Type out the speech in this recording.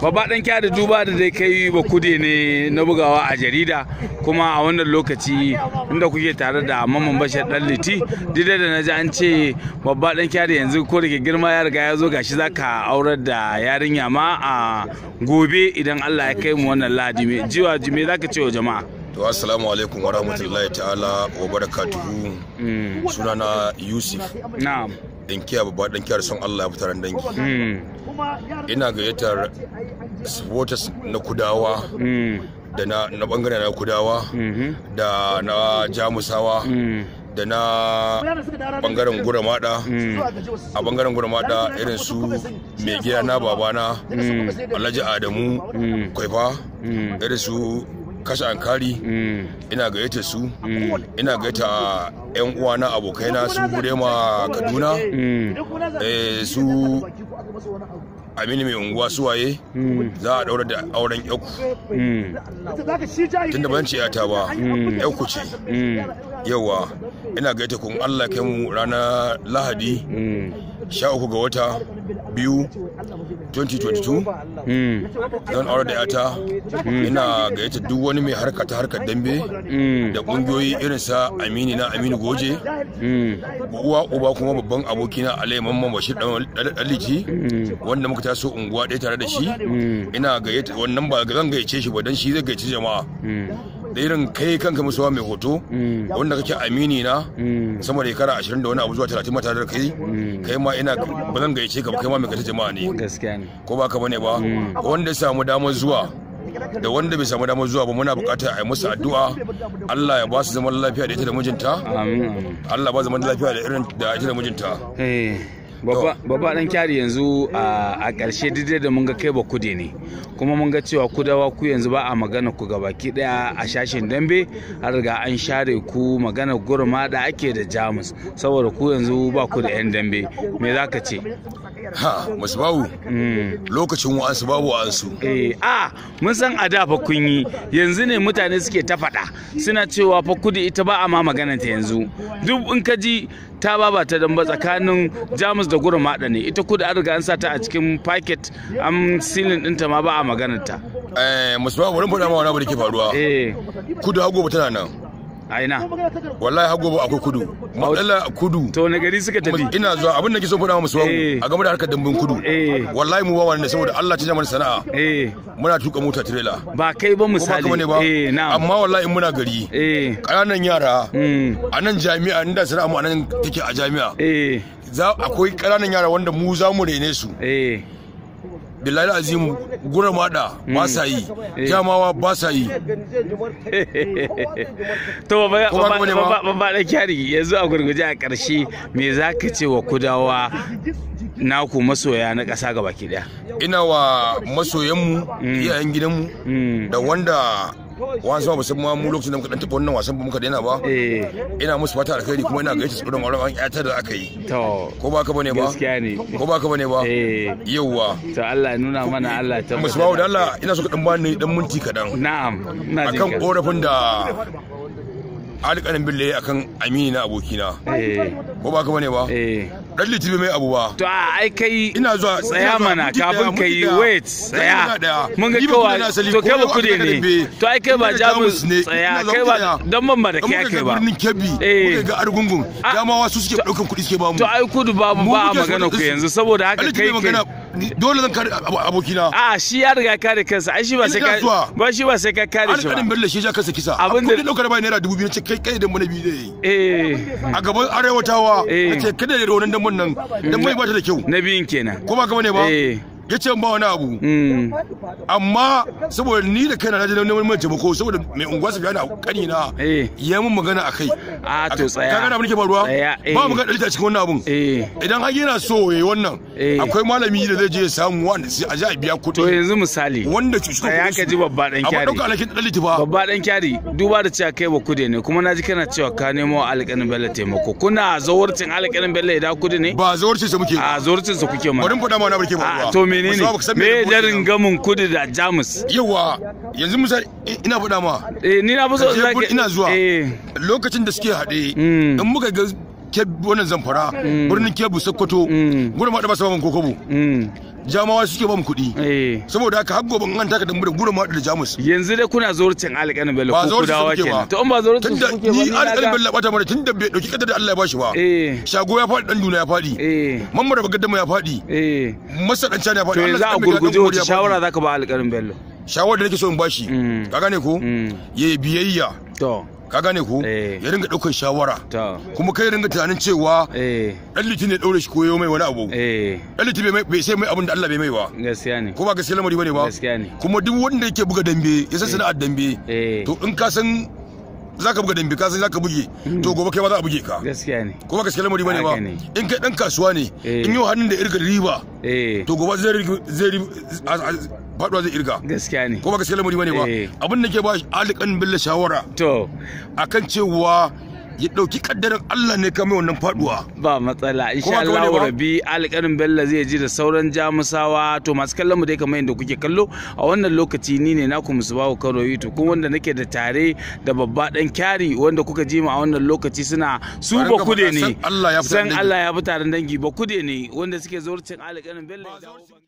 babba dan kya duba da dai kai ba kude ne na bugawa a jarida kuma a wannan lokaci inda kuke tare da mamman bashar dan liti didai da naji an ce babba dan kya yanzu ko da girma ya riga ya zo gashi zaka aurar da yarinya ma a gobe idan Allah ya kai mu wannan lahadi me jiwa me zaka ce wa jama'a to assalamu alaikum wa rahmatullahi ta'ala wa barakatuhu mm. sunana yusuf na'am dinkiya babba dinkiyar son Allah ya fitaran dangi hmm. ina gayyatar supporters na kudawa hmm. da na bangare na kudawa hmm. da na jamusawa da na bangaren guramada a bangaren guramada irin su mai gida na babana alhaji adamu kwaifa irin su kashe ankari mm. mm. ina gayyata su ina gayyata yan uwana abokaina su Hurema kaduna mm. eh, su aminu mai unguwa suwaye za a daura da auren yaku tunda ban ce yata ba yaku ce yawa ina gaita kun allah kai mu ranar lahadi 13 ga wata biyu 2022 don hmm. aure da yata ina gayyata duk wani mai harka ta harkar dambe hmm. da kungiyoyi irin sa amini na aminu goje hmm. uwa uba kuma babban abokina alayi mamman bashir daliji wanda muka taso unguwa ɗaya tare da shi ina gayyata wannan ba zan gayyace shi ba don shi zai gayyace jama'a da irin kai kanka musuwa mai hoto mm. wanda kake amini na mm. sama da kara 20 da wani abu zuwa 30 mata kai mm. kai ma ina ba zan gaice ka ba kai ma mai kace jama'a ne ko ba ka bane ba wanda samu damar zuwa da wanda bai samu damar zuwa ba muna bukata a yi musu addu'a Allah ya ba su zaman lafiya da ita da mijinta Allah ba zaman lafiya da irin da ita da mijinta eh. babba dan kyari yanzu a ƙarshe daidai da mun ga kai ba kude ne kuma mun ga cewa kudawa ku yanzu ba a magana ku gabaki daya a shashin dambe har ga an share ku magana gurma da ake da jamus saboda ku yanzu ba ku da yan dambe me za ka ce ha masu babu mm. lokacin wa'ansu babu wa'ansu eh a mun san a da fa kun yi yanzu ne mutane suke ta faɗa suna cewa fa kudi ita ba a ma magana ta yanzu duk in ka ji ta baba ta damba tsakanin jamus da gurin maɗa ne ita kudi an riga an sa ta a cikin paket an silin ɗinta ma ba a magana ta eh musu babu wani faɗa ma wani abu da ke faruwa eh kudu hagu tana nan a ina wallahi har gobe akwai kudu matsala kudu to na gari suka tafi ina zuwa abin da ke so faɗa wa musuwan eh. a game da harkar dambin kudu eh. wallahi mu ba wani saboda Allah ci mana sana'a eh. muna tuka mota trailer ba kai ba misali amma wallahi muna gari ƙananan yara hmm. a nan jami'a inda sana'a mu a nan take a jami'a za akwai ƙananan yara wanda mu za mu rene su Bilal azimu gura mada ba sa yi mm. jamawa ba sa yi to ba ba da kyari yanzu a gurguje a karshe me za ka ce wa kudawa naku masoya na ƙasa gaba ki daya ina wa masoyanmu mm. iyayen gidanmu mm. da wanda wani sama musamman mu lokacin da muka dan wannan wasan ba muka daina ba eh. ina musu fata da kai kuma ina gaishe su gudun auren an ƴata da aka yi ko ba ka bane ba gaskiya ne ko ba ka bane ba eh. yawwa to Allah nuna mana Allah ta musu bawo da Allah ina so ka dan bani dan minti kadan na'am ina jin akan korafin da alƙalin billahi akan amini na abokina eh. ko ba ka bane ba dan litini mai abu ba to ai kai ina zuwa tsaya mana kafin ka yi wait tsaya mun ga kowa to kai ba kudi ne to ai kai ba jamus tsaya kai ba dan mamba da kai eh. kai ba Mun kebbi ga argungun ah. dama wasu suke daukan kudi suke ba mu to ai kudu ba mu ba magana ku yanzu saboda haka kai dole zan kare abokina a shi ya riga kare kansa ai shi ba sai ka ba shi ba sai ka kare shi ba alƙalin bello shi ya kasa kisa abin da ɗaukar bai naira 2000 biyu ce kai kai dan mun bi dai eh a gaban arewatawa eh. ce kada da ronan dan mun nan dan mai ba ta da kyau na biyun kenan ko ba ka ne ba eh. ya ce ba wani abu hmm. amma saboda ni da kaina na je neman mai taimako saboda mai unguwa su da kani na eh. ya mun magana akai a to tsaya kaga abin ke faruwa eh. ba mu ga dalita cikin wannan abun eh. idan har yana so yayi wannan akwai malami da zai je ya samu wanda sai a ji a biya kuɗi to yanzu misali wanda cuci ya ka ji babba dan kyari amma alakin dalita ba babba dan kyari duba da cewa kai ba kuɗi ne kuma naji kana cewa ka nemo alƙalin bella taimako kuna zawarcin alƙalin bella da kuɗi ne ba zawarcin sa muke a zawarcin sa kuke ma bari mu faɗa ma na barke ba to menene me jarin gamin kuɗi Audu da Jamus. Yawa yanzu Musa ina faɗa ma. Eh ni na fuso Ina zuwa. Eh. Lokacin da suke haɗe hmm. in muka ga wannan zamfara hmm. birnin kebu Sokoto hmm. gurin ma da ba sababan kokobo. jamawa suke ba mu kuɗi eh. saboda haka har gobe an taka dambu da gura mu da jamus yanzu dai kuna zuwarcin alƙalin bello ko kudawa kenan to in ba zuwarcin su kuke ba ni alƙalin bello bata mana tunda bai dauki kadar da Allah ya bashi ba eh. shago ya faɗi dan duna ya faɗi eh. mamma da bagaddama ya faɗi masa ya faɗi to yanzu a gurguje wace shawara zaka ba alƙalin bello shawara da nake so in bashi mm. ka gane ko mm. yayi biyayya to ka gane ku eh. ya ringa ɗaukar shawara kuma kai ringa tunanin cewa dan eh. liti ne ɗaure shi koyo mai wani abu dan eh. liti bai sai mai abin da Allah bai mai ba gaskiya ne kuma gaskiya lamari bane ba gaskiya ne kuma duk wanda yake buga dambe ya san sana'ar dambe to in ka san za ka buga dambe ka san za ka buge hmm. to gobe kai ba za a buge ka gaskiya ne kuma gaskiya lamari bane ba in kai dan kasuwa ne in yau hannun da irka riba to gobe zai faduwa zai irga gaskiya ne kuma ba gaskiya lamari bane ba eh. abin da ke ba alikan billa shawara to akan cewa ya dauki kaddarin Allah ne kamar wannan faduwa ba matsala insha Allah rabi alƙarin bella zai ji da sauran jamusawa to masu kallon mu dai kamar yanda kuke kallo a wannan lokaci ni ne naku musubawu yi to kun wanda nake da tare da babba dan kyari wanda kuka ji mu a wannan lokaci suna su ba kude ne san Allah ya fi dangi ba kude ne wanda suke zurcin alƙarin bella